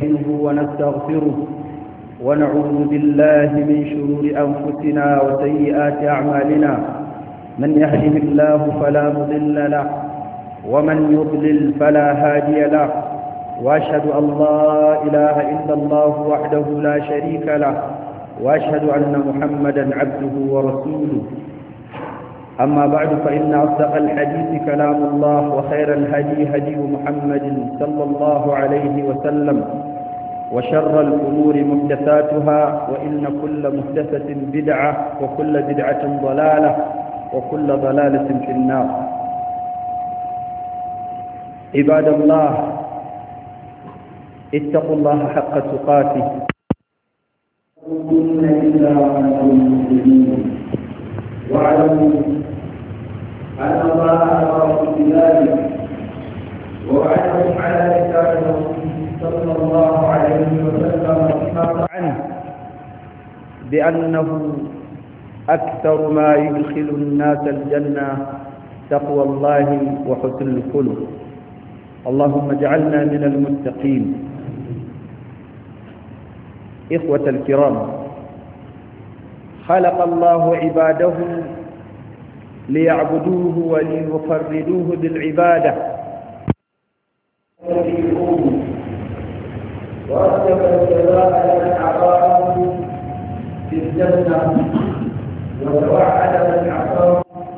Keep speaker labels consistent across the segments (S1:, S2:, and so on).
S1: نستعينه ونستغفره ونعوذ بالله من شرور أنفسنا وسيئات أعمالنا من يهده الله فلا مضل له ومن يضلل فلا هادي له وأشهد أن لا إله إلا الله وحده لا شريك له وأشهد أن محمدا عبده ورسوله أما بعد فإن أصدق الحديث كلام الله وخير الهدي هدي محمد صلى الله عليه وسلم وشر الأمور محدثاتها وإن كل محدثة بدعة وكل بدعة ضلالة وكل ضلالة في النار عباد الله اتقوا الله حق تقاته وعلى أن الله أمركم بذلك ووعدكم على لسان صلى الله عليه وسلم عنه بأنه أكثر ما يدخل الناس الجنة تقوى الله وحسن الخلق اللهم اجعلنا من المتقين إخوة الكرام خلق الله عباده ليعبدوه وليفردوه بالعبادة ورتب الجزاء على اعطاه في الجنه وتوعد من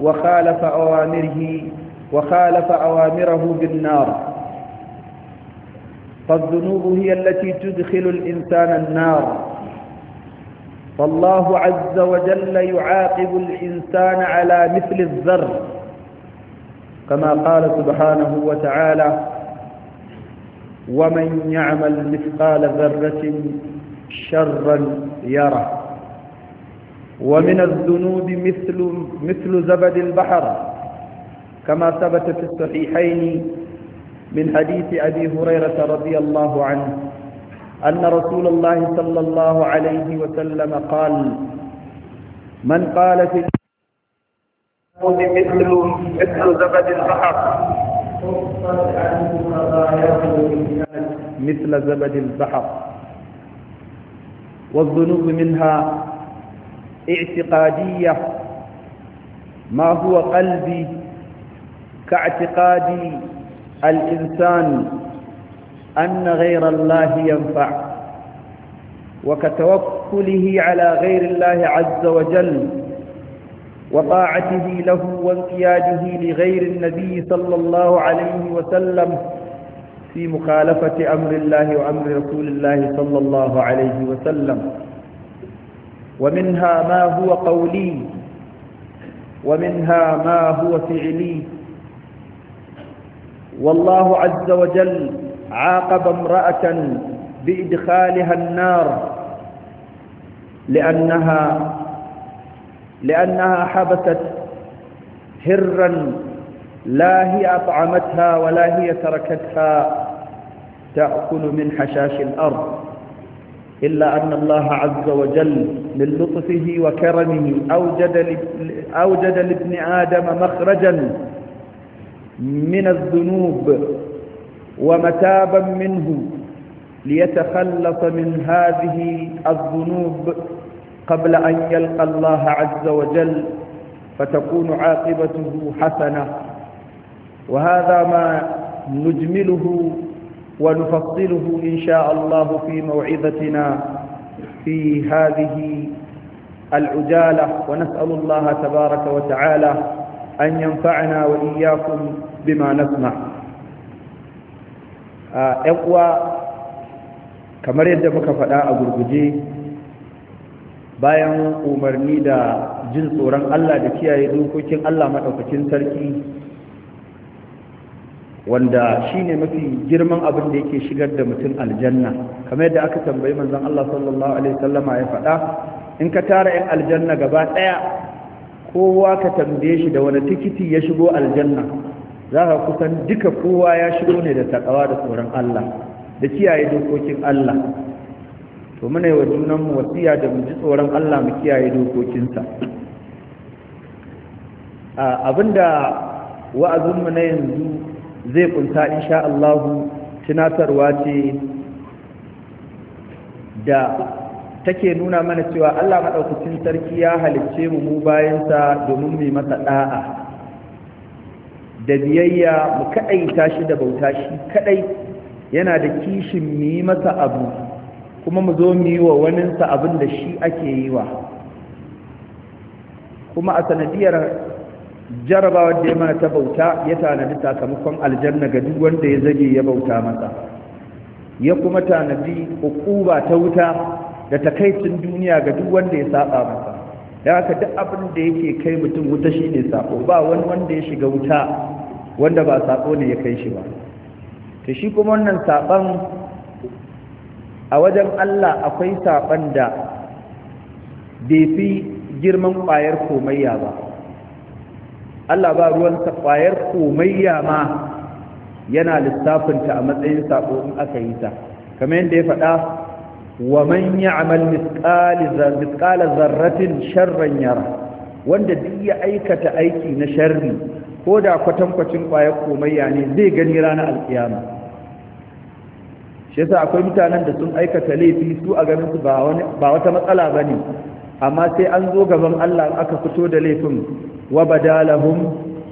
S1: وخالف اوامره وخالف اوامره بالنار فالذنوب هي التي تدخل الانسان النار فالله عز وجل يعاقب الانسان على مثل الذر كما قال سبحانه وتعالى ومن يعمل مثقال ذرة شرا يره ومن الذنوب مثل مثل زبد البحر كما ثبت في الصحيحين من حديث أبي هريرة رضي الله عنه أن رسول الله صلى الله عليه وسلم قال من قال في مثل مثل زبد البحر مثل زبد البحر والذنوب منها اعتقادية ما هو قلبي كاعتقاد الإنسان أن غير الله ينفع وكتوكله على غير الله عز وجل وطاعته له وانقياده لغير النبي صلى الله عليه وسلم في مخالفة أمر الله وأمر رسول الله صلى الله عليه وسلم ومنها ما هو قولي ومنها ما هو فعلي والله عز وجل عاقب امرأة بإدخالها النار لأنها لأنها حبست هرا لا هي أطعمتها ولا هي تركتها تأكل من حشاش الأرض إلا أن الله عز وجل من لطفه وكرمه أوجد, أوجد لابن آدم مخرجا من الذنوب ومتابا منه ليتخلص من هذه الذنوب قبل أن يلقى الله عز وجل فتكون عاقبته حسنة وهذا ما نجمله ونفصله إن شاء الله في موعظتنا في هذه العجالة ونسأل الله تبارك وتعالى أن ينفعنا وإياكم بما نسمع أقوى آه، كما يدفك فلا أقول بجيه bayan umarni da jin tsoron Allah da kiyaye dokokin Allah maɗaukacin sarki wanda shi ne mafi girman abin da yake shigar da mutum aljanna kamar yadda aka tambayi manzon Allah sallallahu alaihi sallama ya faɗa in ka tara 'yan aljanna gaba ɗaya kowa ka tambaye shi da wani tikiti ya shigo aljanna za ka kusan duka kowa ya shigo ne da takawa da tsoron Allah da kiyaye dokokin Allah to muna yi wa junanmu wasiya da mu ji tsoron Allah mu kiyaye dokokinsa abinda wa'azinmu na yanzu zai kunta insha Allah tunatarwa ce da take nuna mana cewa Allah maɗaukacin sarki ya halicce mu mu bayansa domin mai masa ɗa'a da biyayya mu kaɗai tashi da bauta shi kaɗai yana da kishin mu yi masa abu kuma mu zo mu yi wa waninsa abin da shi ake yi wa kuma a sanadiyar jarabawar da ya mana ta bauta ya tanadi sakamakon aljanna ga duk wanda ya zage ya bauta masa ya kuma tanadi hukuba ta wuta da takaicin duniya ga duk wanda ya saba masa da haka duk abin da yake kai mutum wuta shine sako ba wani wanda ya shiga wuta wanda ba sako ne ya kai shi ba to shi kuma wannan saban a wajen Allah akwai saban da bai fi girman ƙwayar komayya ba Allah ba ruwansa ƙwayar komayya ma yana lissafinta a matsayin sabo in aka yi ta kamar yadda ya faɗa wa man ya'mal mithqala zarratin sharran yara wanda duk ya aikata aiki na sharri ko da kwatankwacin ƙwayar komayya ne zai gani ranar alƙiyama. shi yasa akwai mutanen da sun aikata laifi su a ganin su ba wata matsala bane amma sai an zo gaban Allah aka fito da laifin wa badalahum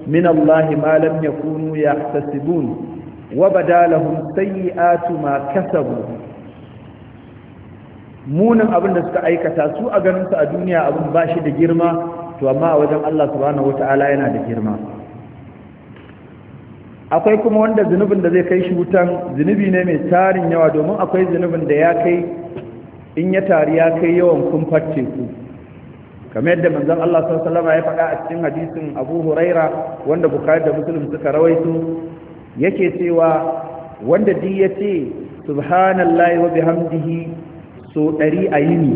S1: min Allah ma lam yakunu yahtasibun wa badalahum sayyi'atu ma kasabu munin abin da suka aikata su a ganin su a duniya abin ba shi da girma to amma a wajen Allah subhanahu wataala yana da girma akwai kuma wanda zunubin da zai kai shi wutan zunubi ne mai tarin yawa domin akwai zunubin da ya kai in ya tari ya kai yawan kumfar teku kamar yadda manzon Allah sallallahu alaihi ya faɗa a cikin hadisin Abu Huraira wanda Bukhari da Muslim suka rawaito yake cewa wanda duk ce, subhanallahi wa bihamdihi so ɗari a yini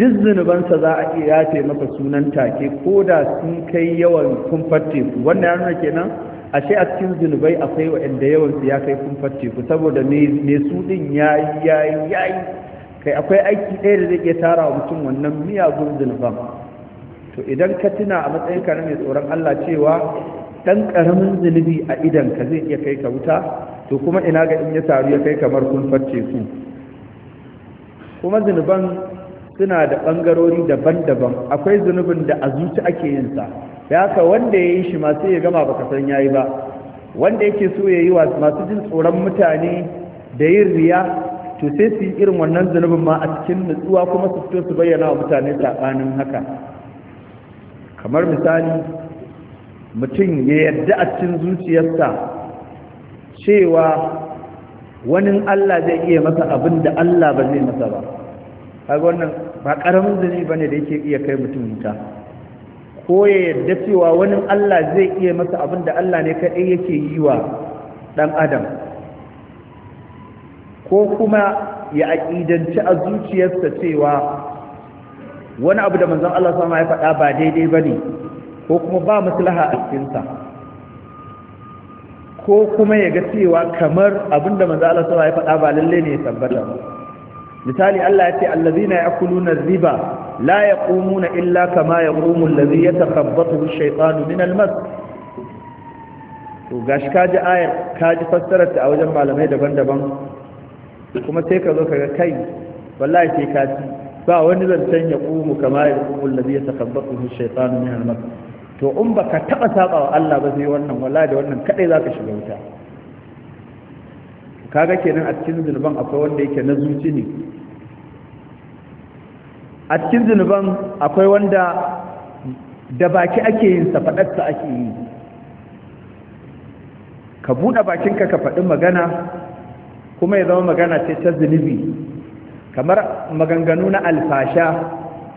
S1: duk zunubansa za a iya yace maka sunan take ko da sun kai yawan kumfar teku wannan yana kenan ashe a cikin zunubai akwai waanda yawan su ya kai kun facce ku saboda me su din ya yi yi ya yi kai akwai aiki ɗaya da zai iya tara wa mutum wannan miyagun zunuban to idan ka tuna a matsayin ka na mai tsoron Allah cewa ɗan karamin zunubi a idan ka zai iya kai ka wuta to kuma ina ga in ya taru ya kai kamar kun facce su kuma zunuban suna da bangarori daban-daban akwai zunubin da a zuci ake yin sa da haka wanda ya yi shi masu ya gama baka san yayi ba wanda yake so ya yi masu jin tsoron mutane da yin riya to sai su yi irin wannan zunubin ma a cikin nutsuwa kuma su fito su bayyana wa mutane saɓanin haka kamar misali mutum ya yarda a cikin zuciyarsa cewa wani Allah zai iya masa abin da Allah ba zai masa ba kaga wannan ba ƙaramin ba ne da yake iya kai mutum wuta ko ya yarda cewa wani Allah zai iya masa abin da Allah ne kaɗai yake yi wa ɗan adam ko kuma ya aƙidanci a zuciyarsa cewa wani abu da manzon Allah sama ya faɗa ba daidai ba ne ko kuma ba maslaha a cikinsa ko kuma ya ga cewa kamar abin da manzon Allah sama ya faɗa ba lalle ne ya tabbata ba misali Allah ya ce allazina yakuluna riba la yaqumuna illa kama yaqumu allazi yatakhabbathu ash-shaytanu min al-mas to gashi kaji ayar kaji fassarar ta a wajen malamai daban-daban kuma sai ka zo kaga kai wallahi sai ka ci ba wani zancen ya qumu kama yaqumu allazi yatakhabbathu ash-shaytanu min al-mas to in baka taba saba wa Allah ba sai wannan wallahi da wannan kadai zaka shiga wuta kaga kenan a cikin zunuban akwai wanda yake na zuci ne a cikin zunuban akwai wanda da baki ake yin sa faɗarsa ake yi ka buɗe bakinka ka faɗi magana kuma ya zama magana ce ta zunubi kamar maganganu na alfasha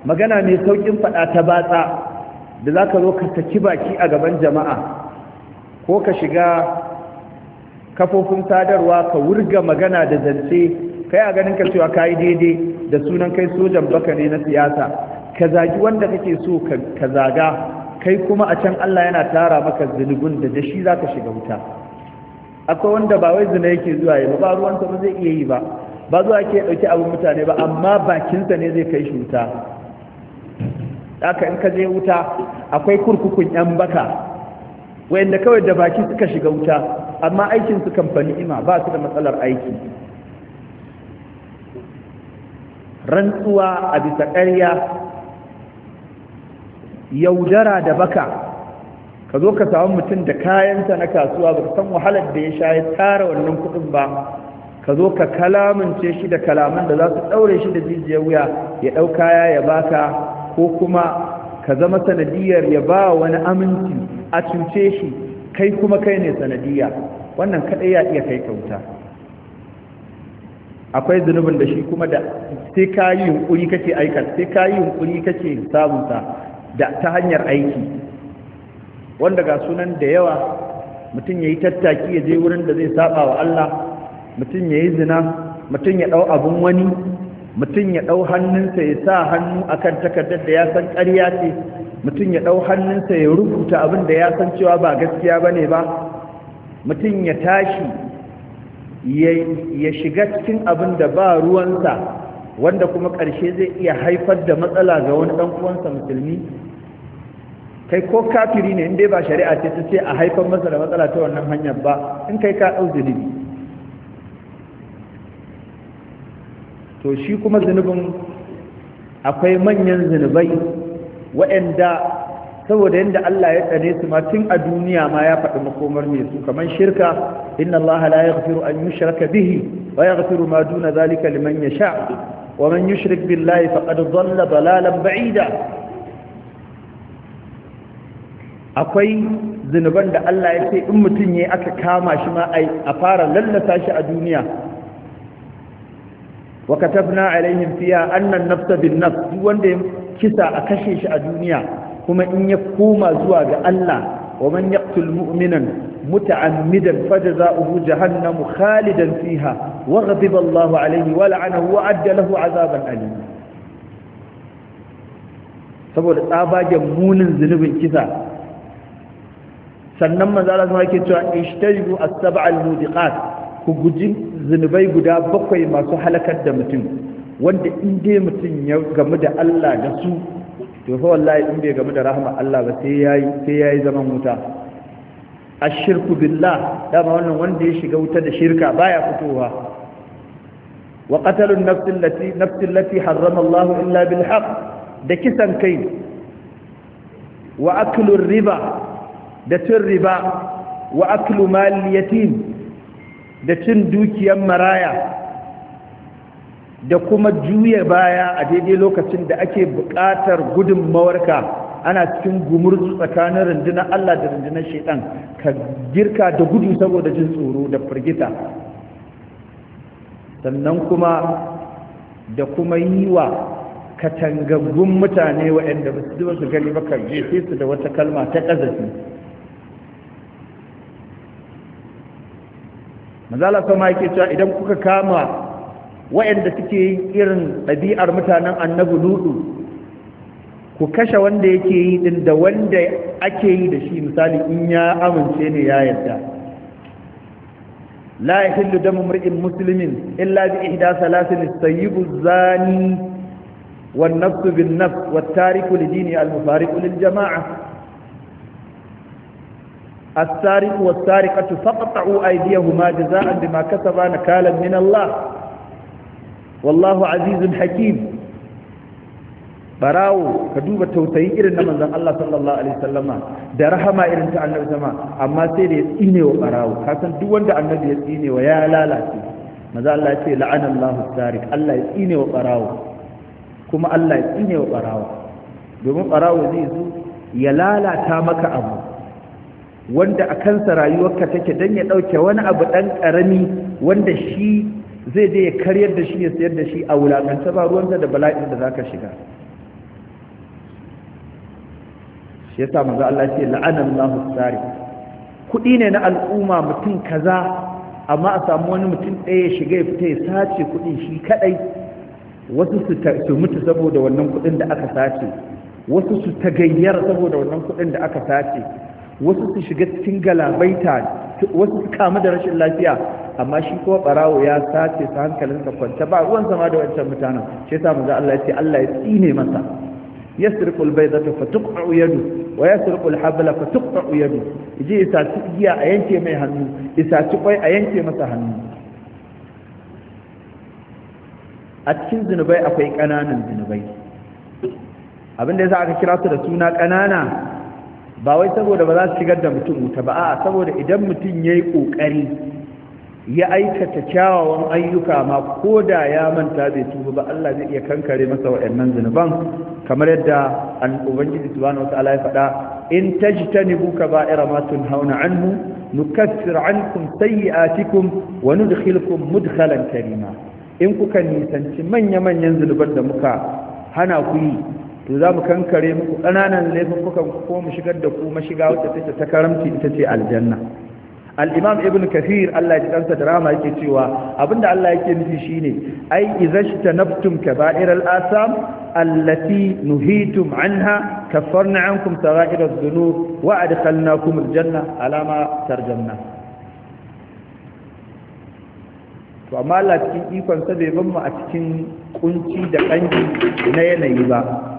S1: magana mai sauƙin faɗa ta batsa da za ka zo ka saki baki a gaban jama'a ko ka shiga kafofin sadarwa ka wurga magana da zance kai a ganin ka cewa kai daidai da sunan kai sojan baka ne na siyasa ka zagi wanda kake so ka zaga kai kuma a can Allah yana tara maka zulubin da dashi zaka shiga wuta akwai wanda ba wai zina yake zuwa yi ba ba ta ba zai iya yi ba ba zuwa ke dauki abin mutane ba amma bakinsa ne zai kai shi wuta haka in ka je wuta akwai kurkukun yan baka wayanda kawai da baki suka shiga wuta amma aikin su kamfani ima ba su da matsalar aiki rantsuwa a bisa ƙarya yaudara da baka ka zo ka samu mutum da kayansa na kasuwa ba san wahalar da ya sha ya tara wannan kuɗin ba ka zo ka kalamance shi da kalaman da za su ɗaure shi da jijiyar wuya ya ɗauka kaya ya baka ko kuma ka zama sanadiyar ya ba wani aminci a cuce shi kai kuma kai ne sanadiyya wannan kaɗai ya iya kai kauta akwai zunubin da shi kuma da sai ka yi yunkuri kake aikata sai ka yi yunkuri kake sabunta da ta hanyar aiki wanda ga sunan da yawa mutum ya yi tattaki ya je wurin da zai saba wa Allah mutum ya yi zina mutum ya ɗau abin wani mutum ya ɗau hannunsa ya sa hannu akan takardar da ya san ƙarya ce mutum ya ɗau hannunsa ya rubuta abin da ya san cewa ba gaskiya ba ne ba mutum ya tashi ya shiga cikin abin da ba ruwansa wanda kuma ƙarshe zai iya haifar da matsala ga wani ɗan uwansa musulmi kai ko kafiri ne inda ba shari'a ce ta ce a haifar masa da matsala ta wannan hanyar ba in kai ka ɗau zunubi to shi kuma zunubin akwai manyan zunubai waɗanda saboda yadda Allah ya tsane su ma tun a duniya ma ya faɗi makomar mai su kamar shirka inna Allah la yaghfiru an yushraka bihi wa yaghfiru ma duna zalika liman yasha wa man yushrik billahi faqad dhalla dalalan ba'ida akwai zinuban da Allah ya ce in mutum ya aka kama shi ma ai a fara lallasa shi a duniya wa katabna alaihim fiha anna an-nafsa bin-nafs wanda kisa a kashe shi a duniya kuma in ya koma zuwa ga Allah wa man yaqtul mu'minan muta'ammidan fajza'uhu jahannamu khalidan fiha wa ghadiba Allahu alayhi wa la'anahu wa adda lahu 'azaban alim saboda tsabagen munin zunubin kisa sannan manzo Allah ya ce cewa ishtaribu as-sab'a al-mudiqat ku guji zunubai guda bakwai masu halakar da mutum wanda inda mutum ya gamu da Allah da su to fa wallahi in bai gamu da rahama Allah ba sai yayi sai yayi zaman wuta ashirku billah dama wannan wanda ya shiga wuta da shirka baya fitowa wa qatalun nafs allati nafs allati harrama Allah illa bil haqq da kisan kai wa aklu riba da cin riba wa aklu mal yatim da cin dukiyar maraya da kuma juya baya a daidai lokacin da ake buƙatar gudunmawarka ana cikin gumurzu tsakanin rundunar Allah da rundunar shaitan ka girka da gudu saboda jin tsoro da firgita sannan kuma da kuma yi wa katangaggun mutane waɗanda ba su zuba su gani ba jefe su da wata kalma ta ƙazafi mazala sama yake cewa idan kuka kama wa'anda suke yin irin ɗabi'ar mutanen annabi ludu ku kashe wanda yake yi din da wanda ake yi da shi misali in ya amince ne ya yarda la yahillu damu mar'in muslimin illa bi ihda salasin sayyibu zani wan nafsu bin nafs wat tariku li dini al mufariqu lil jama'a السارق والسارقة فقطعوا أيديهما جزاء بما كسبا نكالا من الله wallahu azizun hakim barawo ka duba tausayi irin na manzon Allah sallallahu alaihi da rahama irin ta annabi sama amma sai da ya tsine wa barawo ka san duk wanda annabi ya tsine wa ya lalace maza Allah ya ce la'ana Allahu tarik Allah ya tsine wa barawo kuma Allah ya tsine wa barawo domin barawo zai zo ya lalata maka abu wanda a kansa rayuwarka take dan ya dauke wani abu dan karami wanda shi zai je ya karyar da shi ya sayar da shi a wulakanta ba ruwanta da bala'in da zaka shiga shi yasa manzo Allah ce la'anan Allahu tsari Kuɗi ne na al'umma mutum kaza amma a samu wani mutum ɗaya ya shiga ya fita ya sace kuɗi shi kaɗai. wasu su mutu saboda wannan kuɗin da aka sace wasu su tagayyara saboda wannan kuɗin da aka sace wasu su shiga cikin galabaita wasu su kamu da rashin lafiya amma shi kuma barawo ya sace su hankalin ka kwanta ba ruwan sama da wancan mutanen shi yasa manzo Allah ya ce Allah ya tsine masa yasriqul fa fatuqta'u yadu wa yasriqul habla fatuqta'u yadu yaje isa ci giya a yanke mai hannu isa ci kwai a yanke masa hannu a cikin zinubai akwai kananan zinubai abinda yasa aka kira su da suna kanana ba wai saboda ba za su shigar da mutum wuta ba a saboda idan mutum ya yi ƙoƙari ya aikata kyawawan ayyuka ma ko da ya manta bai tuba ba Allah zai iya kankare masa waɗannan zunuban kamar yadda an ubangiji subhanahu wataala ya faɗa in tajtanibu kaba'ira ma tunhauna anhu nukaffir ankum sayyi'atikum wa nudkhilukum mudkhalan karima in kuka nisanci manya-manyan zunuban da muka hana ku yi to za mu kankare muku ƙananan laifukan ko mu shigar da ku mashiga wacce take ta karamci ita ce aljanna al-imam ibn kathir Allah ya kansa da rama yake cewa abinda Allah yake nufi shine ai izashtanabtum kaba'ir al-asam allati nuhitum anha kaffarna ankum sagha'ir adh-dhunub wa adkhalnakum al-janna alama tarjanna to amma Allah cikin ikon sa bai ban mu a cikin kunci da kanki na yanayi ba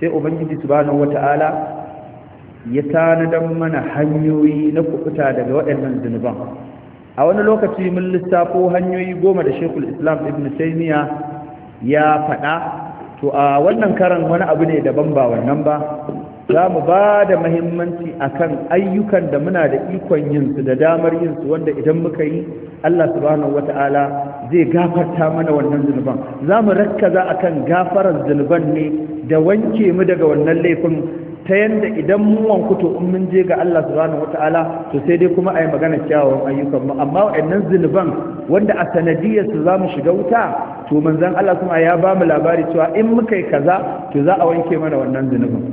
S1: sai ubangiji subhanahu wata'ala ya tanadar mana hanyoyi na kubuta daga waɗannan zunuban a wani lokaci mun lissafo hanyoyi goma da shekul islam ibn miya ya faɗa to a wannan karan wani abu ne daban ba wannan ba za mu ba da mahimmanci akan ayyukan da muna da ikon yinsu da damar yinsu wanda idan muka yi Allah subhanahu wata'ala zai gafarta mana wannan zunuban za mu rakkaza kan gafarar zunuban ne da wanke mu daga wannan laifin ta yanda idan mu wankuto in mun je ga Allah subhanahu wataala to sai dai kuma a yi magana kyawawan ayyukan mu amma wa'annan zunuban wanda a sanadiyar su zamu shiga wuta to manzon Allah kuma ya ba mu labari cewa in muka yi kaza to za a wanke mana wannan zunubin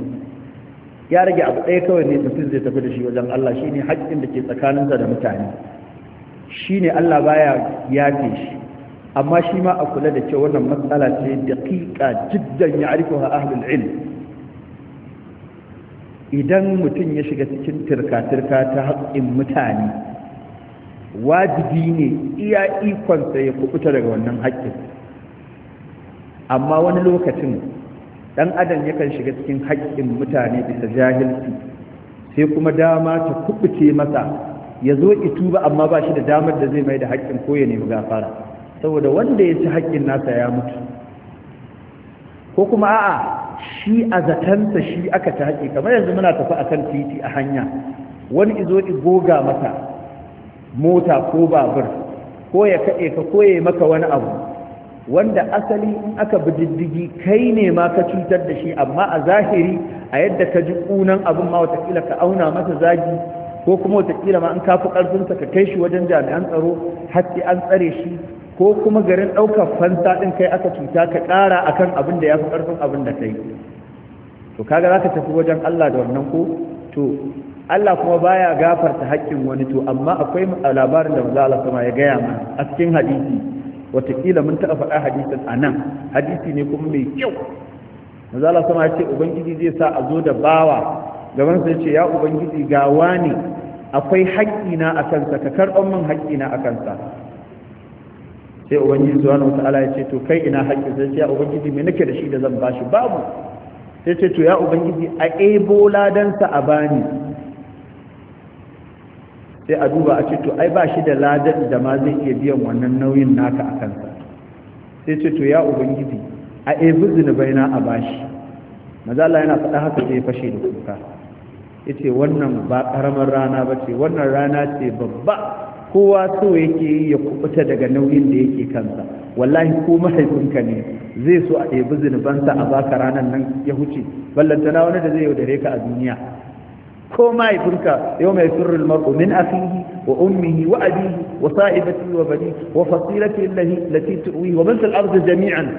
S1: ya rage abu ɗaya kawai ne mutum zai tafi da shi wajen Allah shine haƙƙin da ke tsakaninsa da mutane shine Allah baya yafe shi amma shi ma a kula da cewa wannan matsala ce daƙiƙa jiddan ya arifu ha ahlul ilm idan mutum ya shiga cikin turka-turka ta haƙƙin mutane wajibi ne iya ikonsa ya kubuta daga wannan haƙƙin amma wani lokacin ɗan adam yakan shiga cikin haƙƙin mutane bisa jahilci sai kuma dama ta kubuce masa ya zo ituba amma ba shi da damar da zai mai da haƙƙin ko ya nemi gafara saboda wanda ya ci haƙƙin nasa ya mutu ko kuma a'a shi a zatansa shi aka ci haƙƙi kamar yanzu muna tafi akan titi a hanya wani izo goga mata mota ko babur ko ya kaɗe ka ko maka wani abu wanda asali aka bi diddigi kai ne ma ka cutar da shi amma a zahiri a yadda ka ji ƙunan abin ma watakila ka auna masa zagi ko kuma watakila ma an kafi ƙarfinsa ka kai shi wajen jami'an tsaro har sai an tsare shi ko kuma garin ɗaukar fanta ɗin kai aka cuta ka ƙara akan abin da ya fi ƙarfin abin da kai to kaga za ka tafi wajen Allah da wannan ko to Allah kuma baya gafarta haƙƙin wani to amma akwai labarin da manzo Allah sama ya gaya mana a cikin hadisi wataƙila mun taɓa faɗa hadisin a nan hadisi ne kuma mai kyau manzo Allah sama ya ce ubangiji zai sa a zo da bawa gaban sai ce ya ubangiji gawa ne. akwai haƙƙina a kansa ka karɓar min haƙƙina a kansa sai ubangiji subhanahu wataala ya ce to kai ina haƙƙi sai ya ubangiji me nake da shi da zan bashi babu sai ce to ya ubangiji a ebo ladansa a bani sai a duba a ce to ai ba shi da ladan da ma zai iya biyan wannan nauyin naka a kansa sai ce to ya ubangiji a ebo zunubai na a bashi Allah yana faɗa haka zai fashe da kuka yace wannan ba ƙaramin rana ba ce wannan rana ce babba kowa so yake yi ya kubuta daga nauyin da yake kansa wallahi ko mahaifinka ne zai so a ɗebi zinbansa a baka ranar nan ya huce ballantana wani da zai yaudare ka a duniya ko mahaifinka yau mai firin mar'u min afihi wa ummihi wa abihi wa sa'ibati wa bani wa fasilati lati tuwi wa mansal ardi jami'an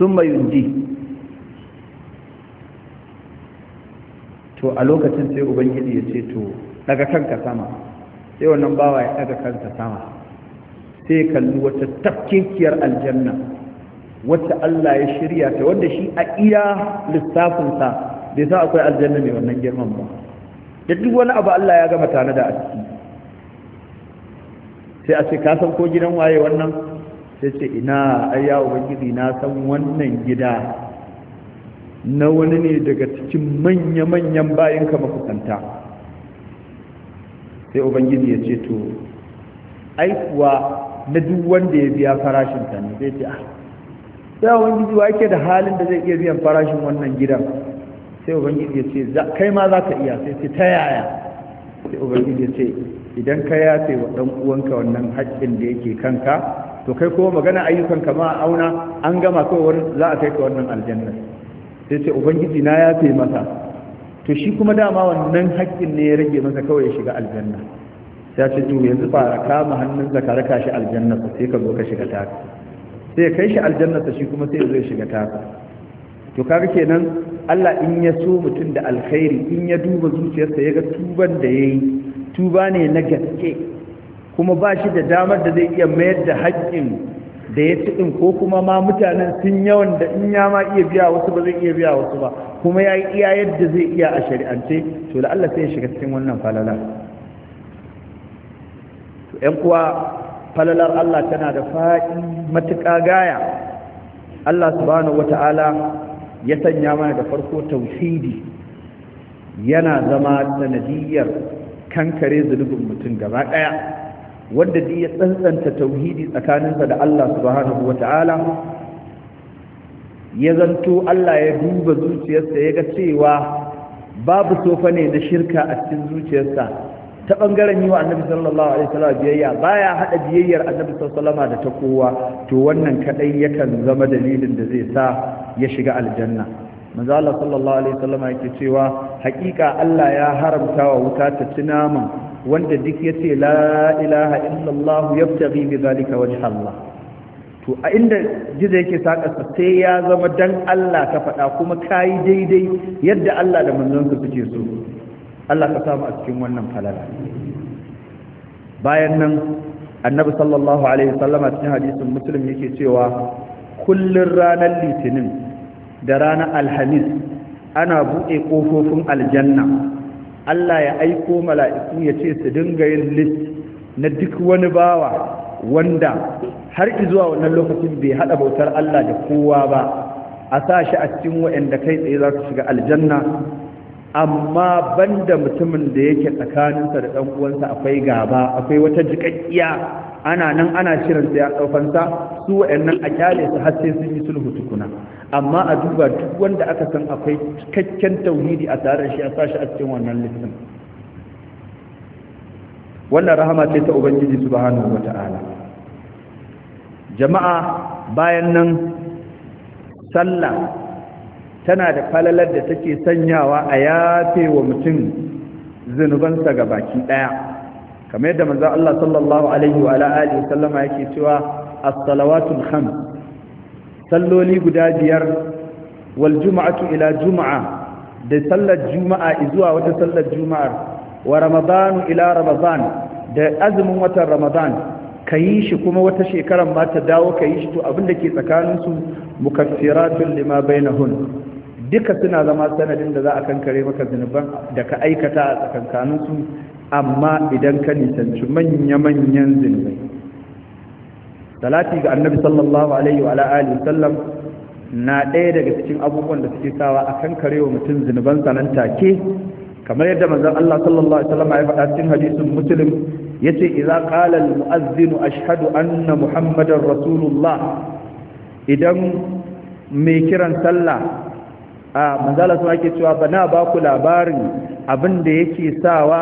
S1: thumma yunji to a lokacin sai ubangiji ya ce to daga kanka sama sai wannan bawa ya ɗaga kanta sama sai kalli wata tafkinkiyar aljanna wacce Allah ya shirya ta wanda shi a iya lissafinsa bai sa akwai aljanna mai wannan girman ba da duk wani abu Allah ya gama tare da aski sai a ce ka san ko gidan waye wannan sai ce ina ayya ubangiji na san wannan gida na wani ne daga cikin manya-manyan bayan ka makusanta sai ubangiji ya ce to ai kuwa na duk wanda ya biya farashin ta ne zai ce ah sai ubangiji wa yake da halin da zai iya biyan farashin wannan gidan sai ubangiji ya ce kai ma za ka iya sai ce ta yaya sai ubangiji ya ce idan ka yafe wa ɗan uwanka wannan haƙƙin da yake kanka to kai kuma magana ayyukan ka ma auna an gama kawai za a kai ka wannan aljanna sai ce ubangiji na yafe masa to shi kuma dama wannan haƙƙin ne ya rage masa kawai ya shiga aljanna ya ce to yanzu a kama hannunsa ka raka shi aljanna sai ka zo ka shiga taka sai kai shi aljanna shi kuma sai ya zo ya shiga taka to kaga kenan Allah in ya so mutum da alkhairi in ya duba zuciyarsa ya ga tuban da yayi tuba ne na gaske kuma ba shi da damar da zai iya mayar da haƙƙin da ya ci ɗin ko kuma ma mutanen sun yawan da in ya ma iya biya wasu ba zai iya biya wasu ba kuma ya yi iya yadda zai iya a shari'ance to da Allah sai ya shiga cikin wannan falala to ƴan kuwa falalar Allah tana da fa'i matuƙa gaya Allah subhanahu ta'ala ya sanya mana da farko tauhidi yana zama sanadiyar kankare zunubin mutum gaba ɗaya wanda da ya tsantsanta tauhidi tsakaninsa da Allah subhanahu wata'ala ya zanto Allah ya duba zuciyarsa ya ga cewa babu sofa ne na shirka a cikin zuciyarsa ta bangaren yi wa annabi sallallahu alaihi wasallam biyayya baya hada biyayyar annabi sallallahu alaihi da ta kowa to wannan kadai yakan zama dalilin da zai sa ya shiga aljanna manzo Allah sallallahu alaihi wasallam yake cewa hakika Allah ya haramta wa wuta ta ci naman wanda duk ya ce la ilaha illallah yabtaghi bi zalika wajh Allah to a inda jiza yake saƙasa sai ya zama dan Allah ka faɗa kuma kai daidai yadda Allah da manzonsa suke so Allah ka samu a cikin wannan falala bayan nan annabi sallallahu alaihi wasallama cikin hadisin muslim yake cewa kullun ranar litinin da ranar alhamis ana buɗe ƙofofin aljanna Allah ya aiko mala'iku ya ce su dinga yin list na duk wani bawa wanda har zuwa wannan lokacin bai haɗa bautar Allah da kowa ba a sa shi a cikin wayanda kai tsaye za su shiga aljanna amma banda mutumin da yake tsakaninsa da ɗan uwansa akwai gaba akwai wata jiƙaƙƙiya ana nan ana shirin sai ya ɗaukansa su nan a kyale su har sai sun yi sulhu tukuna amma a duba duk wanda aka san akwai cikakken tauhidi a tare shi a sashi a cikin wannan littafin. wannan rahama ce ta ubangiji subhanahu wata'ala jama'a bayan nan sallah tana da falalar da take sanyawa a yafe wa mutum zunubansa ga baki daya kamar yadda manzo Allah sallallahu alaihi wa alihi sallama yake cewa as-salawatul khams salloli guda biyar wal juma'atu ila juma'a da sallar juma'a zuwa wata sallar juma'ar wa ramadanu ila ramadan da azumin watan ramadan ka yi shi kuma wata shekarar ma ta dawo ka yi shi to abinda ke tsakaninsu mukaffiratun lima bainahun duka suna zama sanadin da za a kankare maka zunuban da ka aikata a tsakankaninsu amma idan ka nisanci manya-manyan zunubai salati ga annabi sallallahu alaihi wa alihi na ɗaya daga cikin abubuwan da suke sawa a kan karewa mutum zunuban nan take kamar yadda manzon Allah sallallahu alaihi wasallam ya faɗa cikin hadisin muslim yace idza qala al muazzin ashhadu anna muhammadar rasulullah idan mai kiran sallah a manzala sun ake cewa bana ba ku labarin abin da yake sawa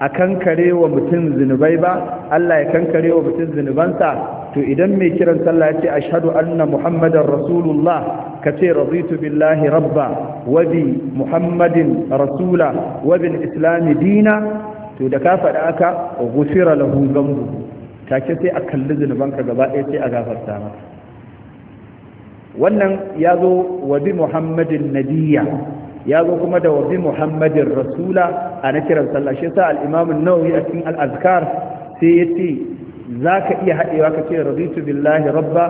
S1: a kankare wa mutum zunubai ba Allah ya kankare wa mutum zunubansa to idan mai kiran sallah ya ce ashhadu anna muhammadar rasulullah ka ce raditu billahi rabba wa bi muhammadin rasula wa bil islami dina to da ka faɗa aka gufira lahu zambu take sai a kalli zunubanka gaba ɗaya sai a gafarta maka wannan ya zo wa bi muhammadin nabiyya ya zo kuma da wabi muhammadin rasula a na kiran sallah shi sa al'imamun nawawi a cikin al'azkar sai ya ce za ka iya haɗewa ka ce raditu billahi rabba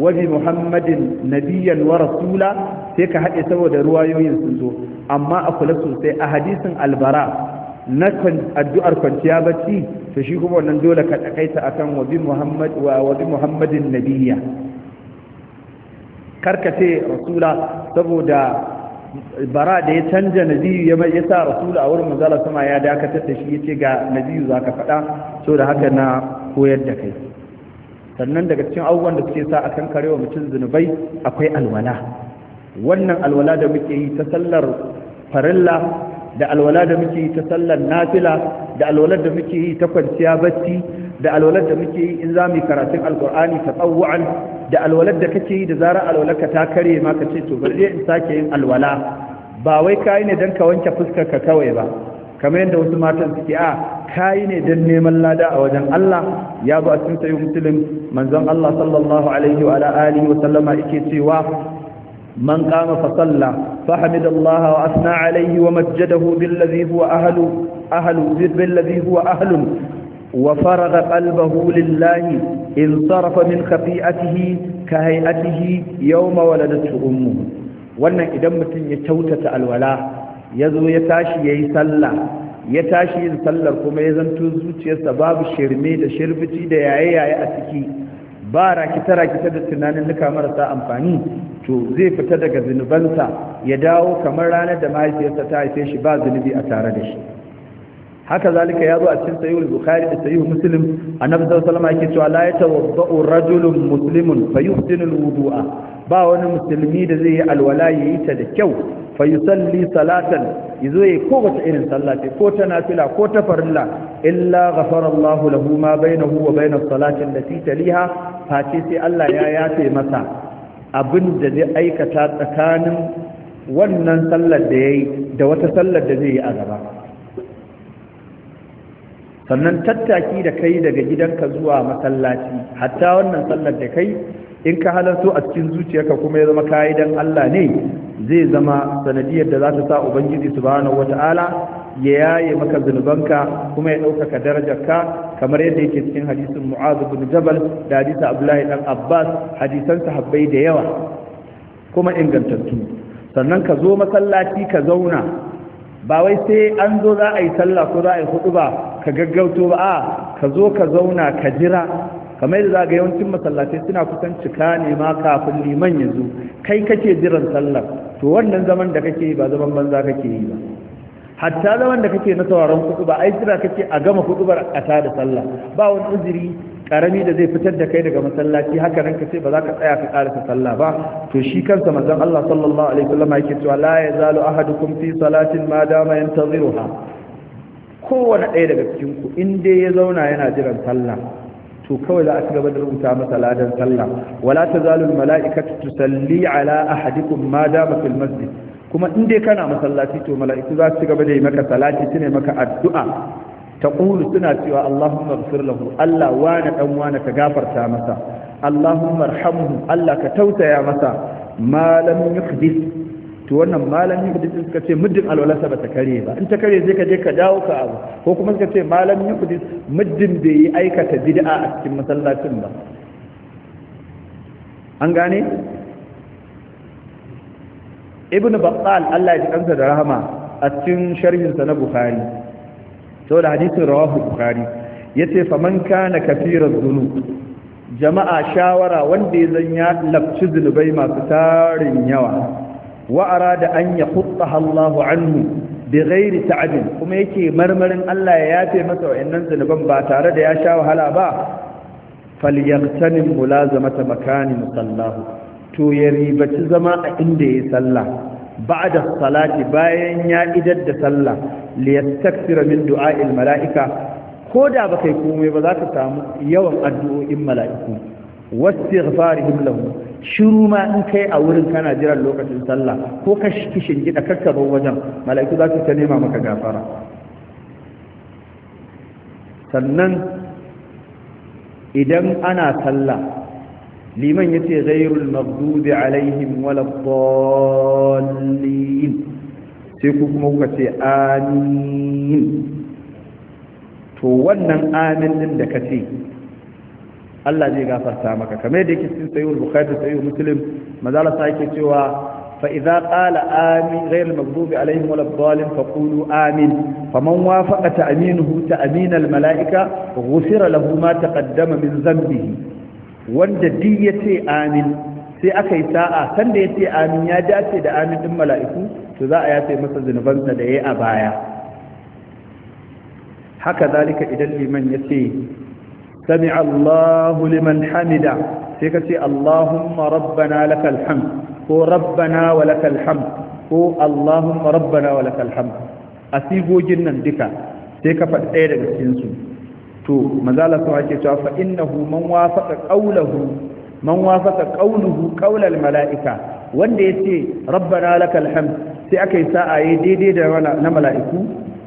S1: wabi muhammadin nabiyan wa rasula sai ka haɗe saboda ruwayoyin sun zo amma a kula sosai a hadisin albara na addu'ar kwanciya bacci to shi kuma wannan dole ka takaita akan wabi muhammad wa wabi muhammadin nabiyya ce rasula saboda bara da ya canja nabiyu ya mai yasa rasulu a wurin manzala sama ya dakatar da shi yace ga nabiyu zaka faɗa so da haka na koyar da kai sannan daga cikin abubuwan da suke sa akan karewa mutum zunubai akwai alwala wannan alwala da muke yi ta sallar farilla da alwala da muke yi ta sallar nafila da alwalar da muke yi ta kwanciya bacci da alwalar da muke yi in za mu karatun alkur'ani ta tsawu'an da alwalar da kake yi da zarar alwalarka ta kare ma ka ce to bari in sake yin alwala ba wai kayi ne don ka wanke fuskar ka kawai ba kamar yadda wasu matan suke a kayi ne don neman lada a wajen Allah ya ba a cikin sayi musulun manzon Allah sallallahu alaihi wa alihi wa sallama yake cewa من قام فصلى فحمد الله وأثنى عليه ومجده بالذي هو أهل أهل بالذي هو أهل وفرغ قلبه لله انصرف من خطيئته كهيئته يوم ولدته أمه wannan idan mutum ya kyautata alwala ya zo ya tashi ya yi sallah ya tashi yin sallar kuma ya zanto zuciyarsa babu shirme da shirbici da yaye-yaye a ciki ba rakita-rakita da tunanin nuka marasa amfani to zai fita daga zunubansa ya dawo kamar ranar da mahaifiyarsa ta haife shi ba zunubi a tare da shi haka zalika ya zo a cikin sayi bukhari da sayi muslim annabi sallallahu alaihi wasallam cewa la yatawadda'u rajulun muslimun fayuhsinu alwudu'a ba wani musulmi da zai yi alwala ya yi ta da kyau fa salli salatan ya yi ko wata irin sallah ko ta nafila ko ta farilla illa ghafara Allah lahu ma huwa wa salatin da allati taliha face sai Allah ya yafe masa abin da zai aikata tsakanin wannan sallar da da wata sallar da zai yi a gaba sannan tattaki da kai daga gidanka zuwa masallaci hatta wannan sallar da kai in ka halarto a cikin zuciyarka kuma ya zama kayi dan Allah ne zai zama sanadiyar da za ta sa ubangiji subhanahu wataala ya yaye maka zunubanka kuma ya ɗaukaka darajarka kamar yadda yake cikin hadisin mu'az bin jabal da hadisa abdullahi dan abbas hadisan sahabbai da yawa kuma ingantattu sannan ka zo masallaci ka zauna ba wai sai an zo za a yi sallah ko za a yi hudu ba ka gaggauto ba a ka zo ka zauna ka jira kamar yadda zaga yawancin masallatai suna kusan cika ne ma kafin liman ya zo kai kake jiran sallar to wannan zaman da kake ba zaman banza kake yi ba hatta zaman da kake na sauraron kudu ba ai jira kake a gama kuɗubar a ta da sallah ba wani uzuri karami da zai fitar da kai daga masallaci haka nan kace ba za ka tsaya ka karasa sallah ba to shi kansa manzon Allah sallallahu alaihi wasallam yake cewa la yazalu ahadukum fi salatin ma dama yantaziruha kowane ɗaya daga cikin ku in dai ya zauna yana jiran sallah to kawai za a ci gaba da rubuta masa ladan sallah wala tazalul mala'ikatu tusalli ala ahadikum ma dama fil masjid kuma in dai kana masallaci to mala'iku za su ci gaba da yi maka salati su maka addu'a ta ƙulu suna cewa Allahumma ghfir lahu Allah wani dan wani ka gafarta masa Allahumma arhamhu Allah ka tausaya masa ma lam yuhdith to wannan malamin da suka ce muddin alwalarsa ba ta kare ba in ta kare sai ka je ka dawo ka abu ko kuma suka ce malamin yukudis muddin bai yi aikata bid'a a cikin masallacin ba an gane ibn battal Allah ya ji kansa da rahama a cikin sharhin sa na bukhari saboda hadisin rawahu bukhari yace faman kana kafiraz dhunub jama'a shawara wanda ya zanya lafci zunubai masu tarin yawa wa arada an yahuttaha Allahu anhu bi ta ta'abin kuma yake marmarin Allah ya yafe masa wayannan zanuban ba tare da ya sha wahala ba falyaqtanim mulazamata makani musallahu to ya riba ribaci zama a inda ya sallah ba'da salati bayan ya idar da sallah liyastakthira min du'a'il mala'ika ko da ba komai ba zata samu yawan addu'o'in mala'iku wasu lahu shiru ma in kai a wurin kana jiran lokacin sallah ko ka kishin gida kakka bar wajen mala'iku za su ta nema maka gafara sannan idan ana sallah liman yace ghayrul maghdubi alaihim waladdallin sai ku kuma kuka ce amin to wannan amin din da kace Allah zai gafarta maka kamar da yake cikin sayyid bukhari da sayyid muslim manzala sa yake cewa fa idza qala amin ghayr maghdubi alaihim wal dhalin fa qulu amin faman wafaqa ta'minuhu ta'min al malaika ghufira lahu ma taqaddama min dhanbihi wanda di yace amin sai aka yi sa'a sanda yace amin ya dace da amin din mala'iku to za a yace masa zinubansa da yayi a baya haka zalika idan liman yace sami Allahu sai ka ce Allahumma rabbana lakal ko rabbana wa lakal ko Allahumma rabbana wa lakal hamd a nan duka sai ka ɗaya daga cikin su to manzala sun ake cewa fa innahu man wafaqa qawluhu man wafaqa qawluhu qawlal malaika wanda yace rabbana lakal sai aka yi sa'a daidai da na mala'iku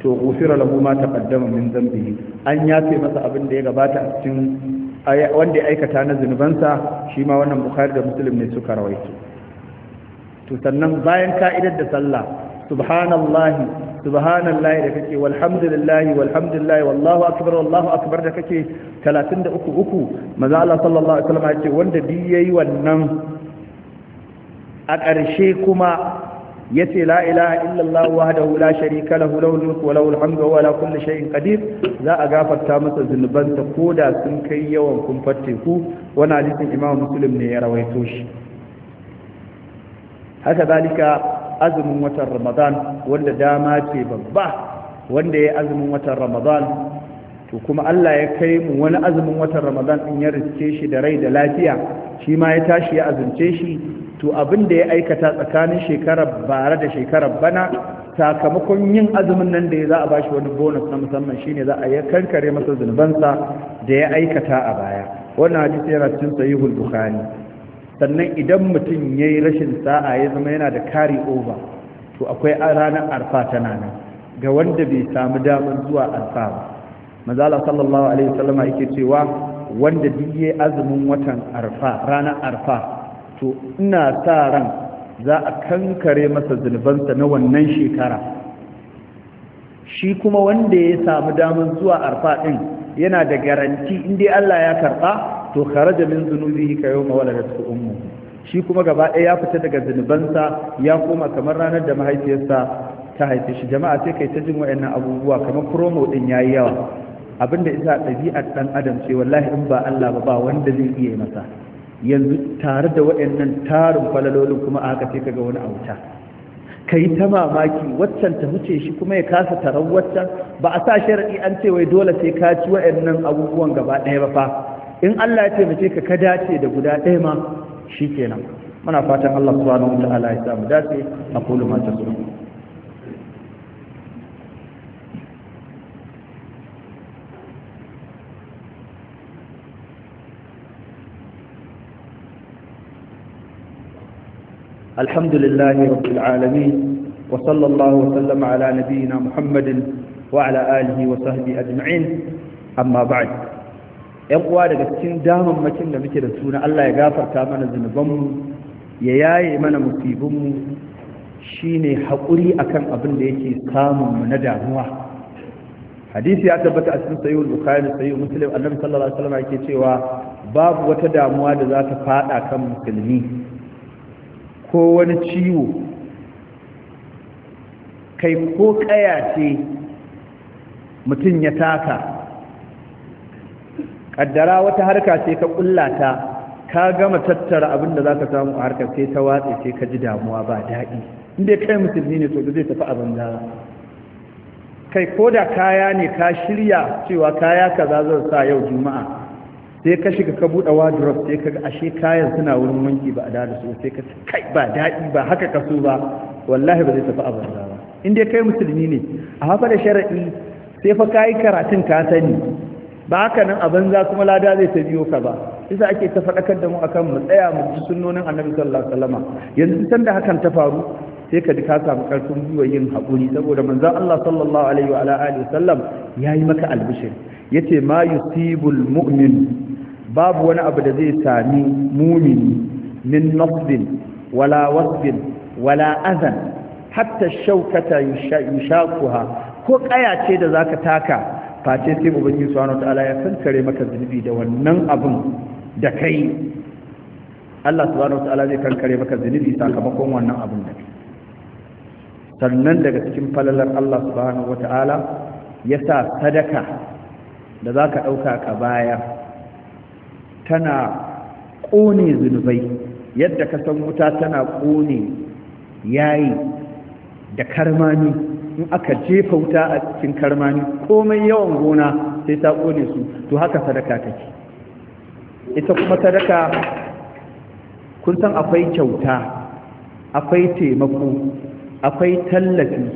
S1: to gufira lahu ma taqaddama min dhanbihi an yafe masa abin da ya gabata a cikin wanda ya aikata na zunubansa shi ma wannan bukhari da muslim ne suka rawaito to sannan bayan ka'idar da sallah subhanallahi subhanallahi da kake walhamdulillahi walhamdulillahi wallahu akbar wallahu akbar da kake 33 uku maza Allah sallallahu alaihi wasallam ya ce wanda bi yayi wannan a ƙarshe kuma yace la ilaha illallah wahdahu la sharika lahu lahul mulku wa lahul hamdu wa ala kulli shay'in qadir za a gafarta masa ko koda sun kai yawan kumfar teku wani hadisin imam muslim ne ya rawaito shi haka zalika azumin watan ramadan wanda dama ce babba wanda ya azumin watan ramadan to kuma Allah ya kai mu wani azumin watan ramadan in ya riske shi da rai da lafiya shi ma ya tashi ya azumce shi to abin da ya aikata tsakanin shekarar bara da shekarar bana sakamakon yin azumin nan da ya za a ba shi wani bonus na musamman shine za a ya kankare masa zunubansa da ya aikata a baya wannan hadisi yana cikin sahihul bukhari sannan idan mutum ya yi rashin sa'a ya zama yana da carry over to akwai ranar arfa tana nan ga wanda bai samu damar zuwa arfa ba mazala sallallahu alaihi wasallama yake cewa wanda duk yayi azumin watan arfa ranar arfa to ina sa ran za a kankare masa zunubansa na wannan shekara shi kuma wanda ya samu damar zuwa arfa ɗin yana da garanti inda Allah ya karɓa to kharaja min zunubihi ka yawma mawaladat ummu shi kuma gaba ɗaya ya fita daga zunubansa ya koma kamar ranar da mahaifiyarsa ta haife shi jama'a sai kai ta jin wa'annan abubuwa kamar promo ɗin yayi yawa abinda isa ɗabi'ar ɗan adam ce wallahi in ba Allah ba ba wanda zai iya masa yanzu tare da waɗannan tarin falalolin kuma aka ce ka kaga wani auta kai ta mamaki waccan ta huce shi kuma ya kasa taron waccan ba a sa sharadi an ce wai dole sai ka ci waɗannan abubuwan gaba ɗaya ba fa in Allah ya taimake ka ka dace da guda ɗaya ma shi kenan. muna fatan Allah subhanahu wa ta'ala ya samu dace aqulu ma tasbihu الحمد لله رب العالمين وصلى الله وسلم على نبينا محمد وعلى آله وصحبه أجمعين أما بعد ‘yan uwa daga cikin damammakin da muke da suna Allah ya gafarta mana zunubanmu ya yaye mana musibinmu shine haƙuri akan abin da yake samunmu na damuwa hadisi ya tabbata a cikin sayyid bukhari da sayyid muslim annabi sallallahu alaihi wasallam yake cewa babu wata damuwa da za ta faɗa kan musulmi ko wani ciwo kai ko kaya ce mutum ya taka kaddara wata harka ce ka ta, ka gama tattara abin da za ka samu a harkar sai ta watsa sai ka ji damuwa ba daɗi inda kai musulmi ne to zai tafi abin banza kai ko da kaya ne ka shirya cewa kaya kaza za sa yau juma'a sai ka shiga ka buɗe wardrobe sai ka ga ashe kayan suna wurin wanki ba a da su sai ka kai ba daɗi ba haka ka so ba wallahi ba zai tafi a banza ba in dai kai musulmi ne a hafa da sharaɗi sai fa kayi karatun ka sani ba haka nan a banza kuma lada zai ta biyo ka ba isa ake ta faɗakar da mu akan mu tsaya mu ji sunnonin annabi sallallahu alaihi wasallam yanzu san da hakan ta faru sai ka duka ka samu ƙarfin gwiwa yin haƙuri saboda manzon Allah sallallahu alaihi wa alihi wasallam yayi maka albishir yace ma yusibul mu'min babu wani abu da zai sami mumini min nasbin wala wasbin wala azan hatta shaukata yushaquha ko kaya ce da zaka taka face sai ubangiji subhanahu wataala ya sankare maka zunubi da wannan abun da kai Allah subhanahu wataala zai kankare maka zunubi sakamakon wannan abun da kai sannan daga cikin falalar Allah subhanahu wataala ya sa sadaka da za ka ɗauka ka baya tana ƙone zunubai yadda ka san wuta tana ƙone yayi da karmani in aka jefa wuta a cikin karmani komai yawan gona sai ta ƙone su to haka sadaka take ita kuma sadaka kun san akwai kyauta akwai taimako akwai tallafi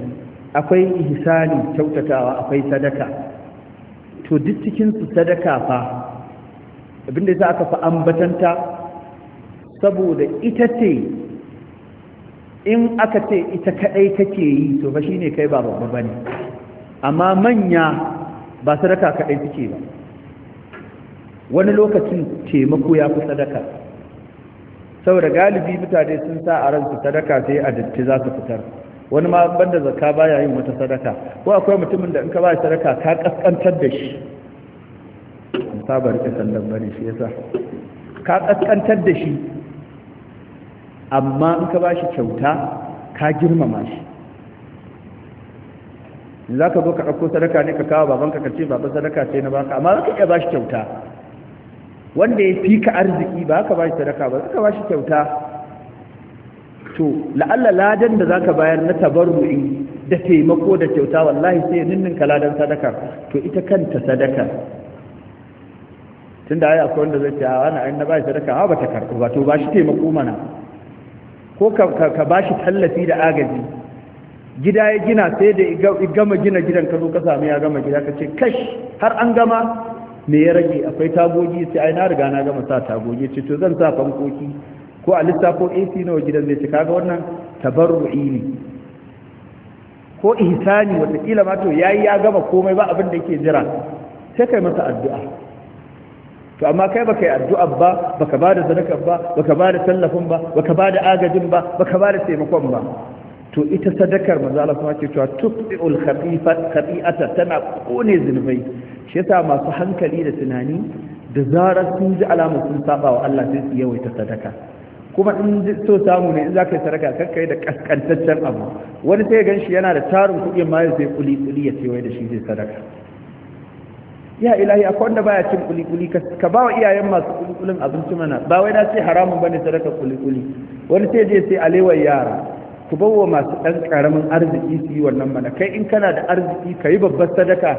S1: akwai ihsani kyautatawa akwai sadaka to duk cikin su sadaka fa abinda za aka fi ambatanta saboda ita ce in aka ce ita kadai kake yi to fa shine kai ba babba bane amma manya ba sadaka kaɗai suke ba wani lokacin taimako ya fi sadaka saboda galibi mutane sun sa a ransu sadaka sai a datti za su fitar wani ma banda zakka baya yin wata sadaka ko akwai mutumin da in ka ba sadaka ka kaskantar da shi saba rike sandan bane shi yasa ka kaskantar da shi amma in ka bashi kyauta ka girmama shi za ka zo ka ɗauko sadaka ne ka kawo babanka ka ce baban sadaka sai na baka amma za ka iya bashi kyauta wanda ya fi ka arziki ba ka bashi sadaka ba za ka bashi kyauta to la'alla ladan da za ka bayar na tabarru'i da taimako da kyauta wallahi sai ninninka ladan sadaka to ita kanta sadaka tun da akwai wanda zai ce wani ayin na bashi sadaka ba ta karɓi ba to ba shi taimako mana ko ka ba shi tallafi da agaji gida ya gina sai da gama gina gidan ka zo ka sami ya gama gida ka ce kash har an gama me ya rage akwai tagogi sai ai na riga na gama sa tagogi ce to zan sa fankoki ko a lissafo AC nawa gidan zai ce kaga wannan tabarru'i ne ko ihsani wata kila ma to yayi ya gama komai ba abin da yake jira sai kai masa addu'a to amma kai baka yi addu'a ba baka ba da sadaka ba baka ba da tallafin ba baka ba da agajin ba baka ba da taimakon ba to ita sadakar maza Allah kuma ce cewa tuqti'ul khafifat tana kone zunubai shi yasa masu hankali da tunani da zarar sun ji alamar sun saba wa Allah sai su yawaita sadaka kuma in so samu ne in za ka yi sadaka kan kai da kaskantaccen abu wani sai gan shi yana da tarin kuɗi ma ya sai kuli kuli ya ce wai da shi zai sadaka ya ilahi akwai wanda baya cin kulikuli ka ba wa iyayen masu kulikulin abinci mana ba wai na ce haramun bane sadaka kulikuli wani sai je sai alewar yara ku bawa masu dan karamin arziki su yi wannan mana kai in kana da arziki ka yi babbar sadaka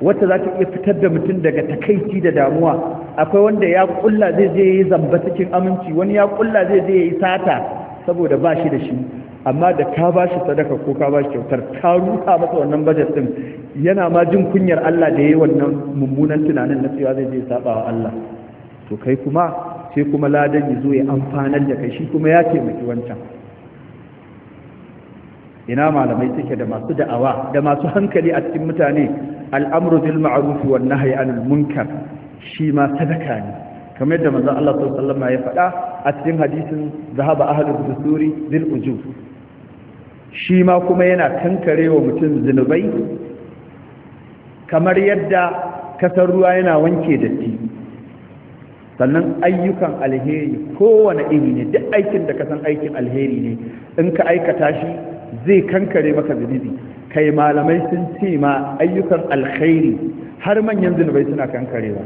S1: wata za ta iya fitar da mutum daga takaici da damuwa akwai wanda ya kulla zai je yi zamba cikin aminci wani ya kulla zai je yi sata saboda ba shi da shi amma da ka ba shi sadaka ko ka ba shi kyautar ka ruka masa wannan bajet din yana ma jin kunyar Allah da yi wannan mummunan tunanin na cewa zai je saba wa Allah to kai kuma sai kuma ladan ya zo ya amfanar da kai shi kuma ya taimaki wancan ina malamai suke da masu da'awa da masu hankali a cikin mutane al'amru bil ma'ruf wan nahyi anil munkar shi ma sadaka ne kamar yadda manzon Allah sallallahu alaihi ya faɗa a cikin hadisin zahaba ahlu busuri bil ujub shi ma kuma yana kankarewa mutum zinubai kamar yadda kasar ruwa yana wanke datti sannan ayyukan alheri kowane iri ne duk aikin da kasan aikin alheri ne in ka aikata shi zai kankare maka zunubi kai malamai sun ce ma ayyukan alheri har manyan zunubai suna kankarewa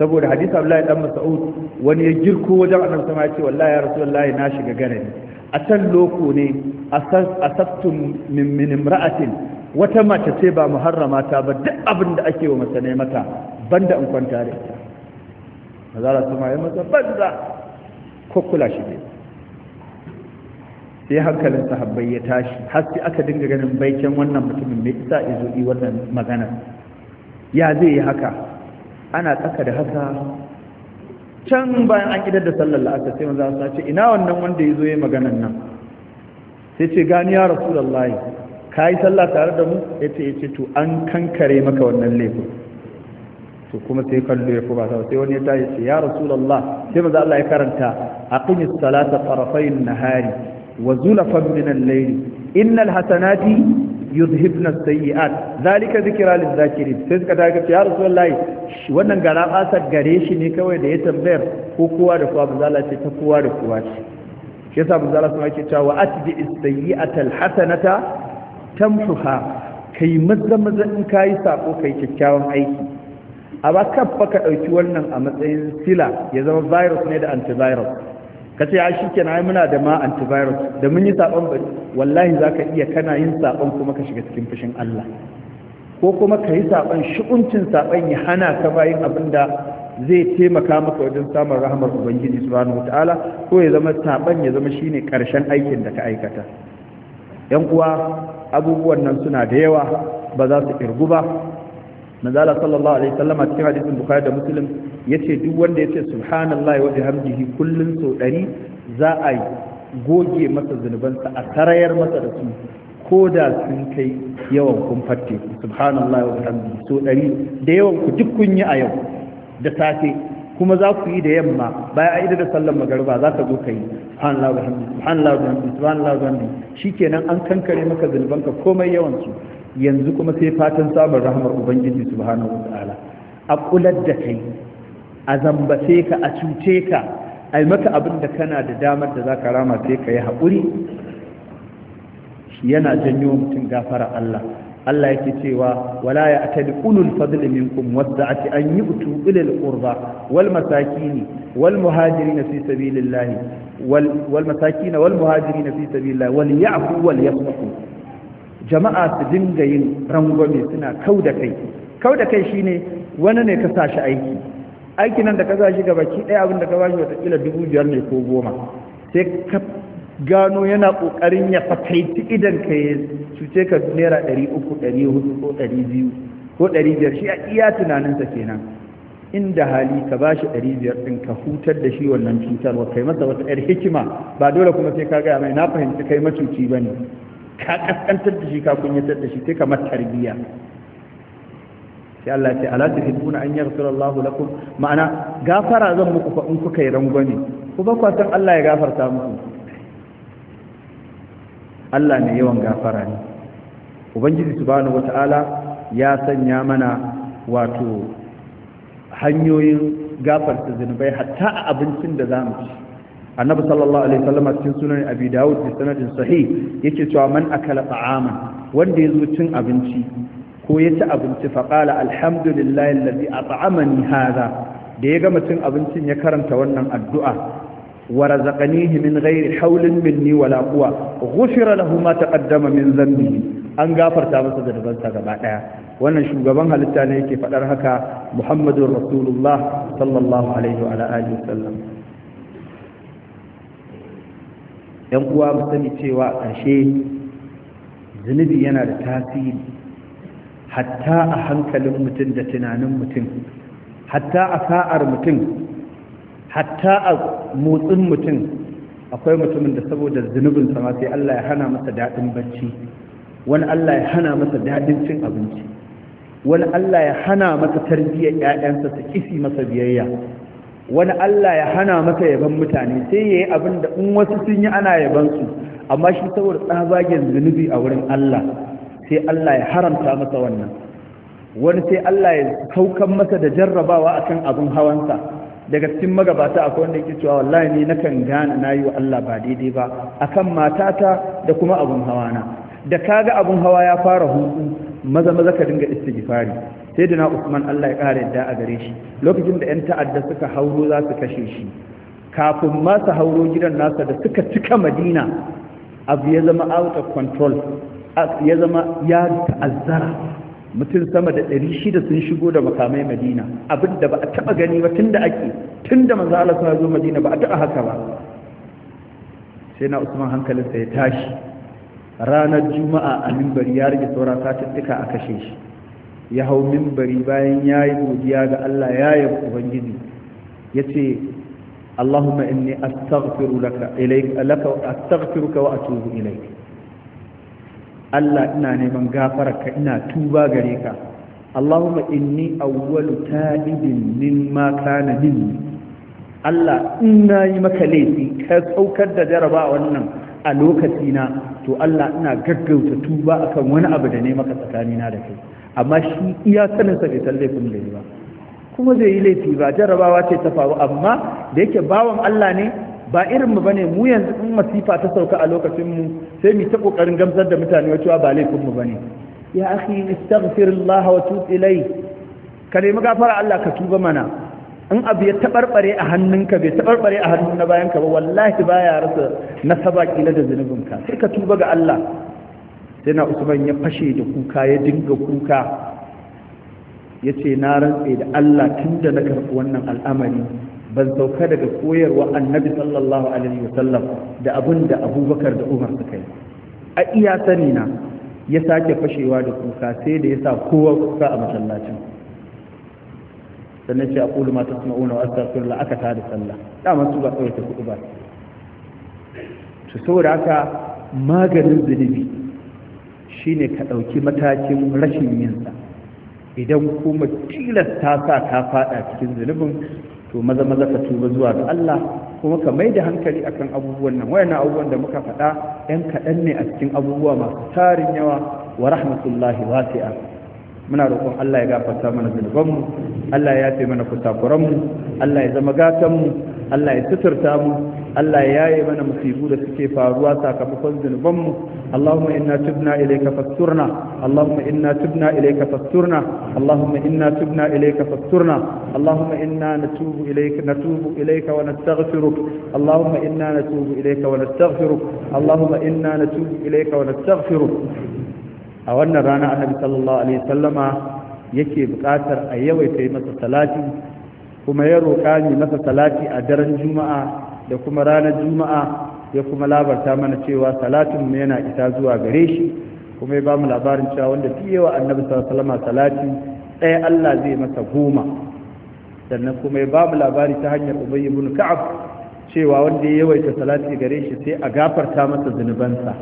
S1: saboda Allah Abdullahi dan Mas'ud wani ya girko wajen Annabi sama ya ce wallahi ya Rasulullahi na shiga ganani a can loko ne asaftum min min imra'atin wata mace ce ba muharrama ta ba duk abin da ake wa mace ne mata banda in kwanta da ita mazara su ma ya masa banza ko kula shi ne sai hankalin sahabbai ya tashi har sai aka dinga ganin baikin wannan mutumin mai isa izo yi wannan magana ya zai yi haka ana tsaka da haka can bayan an idar da sallar la'asar sai manzo sace ce ina wannan wanda ya zo yi maganan nan sai ce gani ya rasu lallai. ka yi sallah tare da mu ya ce ya ce to an kankare maka wannan laifin to kuma sai kallo ya kuma sa sai wani ya tashi ce ya rasulullah sai maza Allah ya karanta aqimis salata tarafayn nahari wa zulafan min al-layl innal hasanati yuzhibna as-sayyi'at zalika dhikra lil-zakirin sai suka ta tashi ya rasulullah wannan gara basa gare shi ne kawai da ya tambayar ko kowa da kowa maza Allah ce ta kowa da kowa ce shi yasa maza Allah sun ce cewa atbi as-sayyi'ata al-hasanata tamsuha kai maza maza in ka yi sako kai kyakkyawan aiki a ba kafa ka ɗauki wannan a matsayin sila ya zama virus ne da antivirus ka ce ya shi ke na muna da ma antivirus da mun yi saƙon bari wallahi za ka iya kana yin saƙon kuma ka shiga cikin fushin Allah ko kuma ka yi saƙon shi'uncin saƙon ya hana ka bayin abin da zai taimaka maka wajen samun rahamar ubangiji subhanahu wataala ko ya zama saɓon ya zama shine ƙarshen aikin da ka aikata yan uwa abubuwan nan suna da yawa ba za su kirgu ba manzala sallallahu alaihi wasallam a cikin hadisin bukhari da muslim yace duk wanda yace subhanallahi wa bihamdihi kullun so 100 za a goge masa zunubansa a tarayar masa da su ko da sun kai yawan kun fatte subhanallahi wa bihamdihi so 100 da yawan ku duk kun yi a yau da safe kuma za ku yi da yamma bayan a idar da sallar magariba za ka zo ka yi subhanallah wa hamdi subhanallah shikenan an kankare maka zulbanka komai yawan su yanzu kuma sai fatan samun rahmar ubangiji subhanahu wa ta'ala a kular da kai a zambace ka a cuce ka a yi maka abin da kana da damar da za ka rama sai ka yi haƙuri yana janyo mutum gafara Allah Allah yake cewa wala ya atali ulul fadli minkum wadda'ati an yu'tu ilal qurba wal masakin wal muhajirin fi sabilillah wal wal masakin wal muhajirin fi sabilillah wal ya'fu wal yasfahu jama'a su dinga yin rangwame suna kau da kai da kai shine wani ne ka sashi aiki Aiki nan da ka sashi gabaki ɗaya abin da ka bashi wata kila dubu biyar ne ko goma sai ka gano yana ƙoƙarin ya fataiti idan ka yi cuce ka naira 300 ko 200 ko 500 shi a iya tunaninsa kenan inda hali ka ba shi 500 ɗin ka hutar da shi wannan cutar wa kai masa wata 'yar hikima ba dole kuma sai ka gaya mai na fahimci kai macuci ba ne ka ƙasƙantar da shi ka kunyatar da shi sai kamar tarbiyya sai Allah ce ala tuhibbuna an yaghfira Allahu lakum ma'ana gafara zan muku fa in kuka yi rangwame ku ba ku Allah ya gafarta muku Allah mai yawan gafara ne ubangiji subhanahu wata'ala ya sanya mana wato hanyoyin gafarta zunubai hatta a abincin da zamu ci annabi sallallahu alaihi wasallam cikin sunan abi dawud da sanadin sahih yake cewa man akala ta'aman wanda ya zo cin abinci ko ya ci abinci faqala alhamdulillahi allazi at'amani hadha da ya gama cin abincin ya karanta wannan addu'a ورزقنيه من غير حول مني ولا قوة غفر له ما تقدم من ذنبه an gafarta masa da dabansa gaba daya wannan shugaban halitta ne yake faɗar haka Muhammadur Rasulullah sallallahu alaihi wa alihi wasallam yan uwa mu sani cewa ashe. zunubi yana da tasiri hatta a hankalin mutum da tunanin mutum hatta a sa'ar mutum hatta a motsin mutum akwai mutumin da saboda zunubin sama sai Allah ya hana masa daɗin bacci wani Allah ya hana masa daɗin cin abinci wani Allah ya hana masa tarbiyyar ƴaƴansa ta kisi masa biyayya wani Allah ya hana masa yaban mutane sai yayi abin da in wasu sun yi ana yaban su amma shi saboda tsabagen zunubi a wurin Allah sai Allah ya haramta masa wannan wani sai Allah ya saukan masa da jarrabawa akan abin hawansa daga cikin magabata akwai wanda yake cewa wallahi ni kan gana na yi wa Allah ba daidai ba akan matata da kuma abun hawa na da kaga abun hawa ya fara hutu maza maza ka dinga istighfari sai da na Usman Allah ya kare yadda a gare shi lokacin da 'yan ta'adda suka hauro za su kashe shi kafin ma su hauro gidan nasa da suka cika Madina abu ya zama out of control ya zama ya ta'azzara mutum sama da ɗari shida sun shigo da makamai madina abin da ba a taɓa gani ba tun da ake tun da manzo suna zo madina ba a taɓa haka ba sai na usman hankalinsa ya tashi ranar juma'a a mimbari ya rage saura ɗika a kashe shi ya hau mimbari bayan ya yi godiya ga Allah ya yi ubangiji ya ce Allahumma inni astaghfiruka wa atubu ilayka Allah ina neman gafararka ina tuba gare ka Allahumma inni awwalu ta'ibin ma kana minni Allah in yi maka laifi ka saukar da jaraba wannan a lokaci na to Allah ina gaggauta tuba akan wani abu da ne maka tsakanina da kai amma shi iya sanin sa bai laifin da yi ba kuma zai yi laifi ba jarabawa ce ta faru amma da yake bawan Allah ne ba irin mu bane mu yanzu in masifa ta sauka a lokacin mu sai mu ta kokarin gamsar da mutane wato ba laifin mu bane ya akhi astaghfirullah wa tub ilai ka nemi gafara Allah ka tuba mana in abu ya tabarbare a hannunka bai tabarbare a hannun na bayanka ba wallahi baya rasa nasaba kila da zunubinka sai ka tuba ga Allah sai na Usman ya fashe da kuka ya dinga kuka ya ce na rantse da Allah tunda na karɓi wannan al'amari ban sauka daga koyarwa annabi sallallahu alaihi wasallam da abin da abubakar da umar suka yi a iya sani na ya sake fashewa da kuka sai da ya sa kowa kuka a masallacin sannan ce a ƙulu mata suna una wasu tafiyarla aka tada sallah dama su ba kawai ta kuɗi ba su saboda haka maganin zunubi shine ka ɗauki matakin rashin yinsa idan kuma tilasta sa ka faɗa cikin zunubin to maza maza ka tuba zuwa ga Allah kuma ka mai da hankali akan abubuwan nan wayannan abubuwan da muka faɗa ɗan kaɗan ne a cikin abubuwa masu tarin yawa wa rahmatullahi wasi'a muna roƙon Allah ya gafarta mana zunubanmu Allah ya yafe mana kusakuranmu Allah ya zama gatanmu Allah ya suturta mu Allah ya yaye mana musibu da suke faruwa sakamakon zunuban mu Allahumma inna tubna ilayka fasturna Allahumma inna tubna ilayka fasturna Allahumma inna tubna ilayka fasturna Allahumma inna natubu ilayka natubu ilayka wa nastaghfiruk Allahumma inna natubu ilayka wa nastaghfiruk Allahumma inna natubu ilayka wa nastaghfiruk a wannan rana annabi sallallahu alaihi wasallama yake buƙatar a yawaita masa salati kuma ya roƙa ni masa salati a daren juma'a da kuma ranar juma'a ya kuma labarta mana cewa salatin mu yana isa zuwa gare shi kuma ya ba mu labarin cewa wanda fi yawa annabi sallallahu salati ɗaya Allah zai masa goma sannan kuma ya ba mu labari ta hanyar ubayy ibn ka'ab cewa wanda ya yawaita salati gare shi sai a gafarta masa zunubansa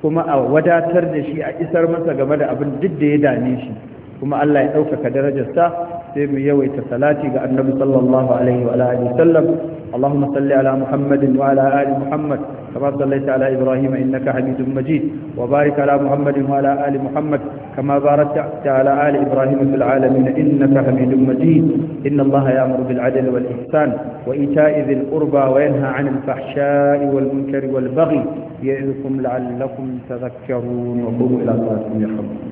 S1: kuma a wadatar da shi a isar masa game da abin duk da ya dame shi kuma Allah ya ɗaukaka darajarsa sai mu yawaita salati ga annabi sallallahu alaihi wa alihi sallam اللهم صل على محمد وعلى آل محمد كما صليت على إبراهيم إنك حميد مجيد وبارك على محمد وعلى آل محمد كما باركت على آل إبراهيم في العالمين إنك حميد مجيد إن الله يأمر بالعدل والإحسان وإيتاء ذي القربى وينهى عن الفحشاء والمنكر والبغي يعظكم لعلكم تذكرون وقوموا إلى صلاتكم يرحمكم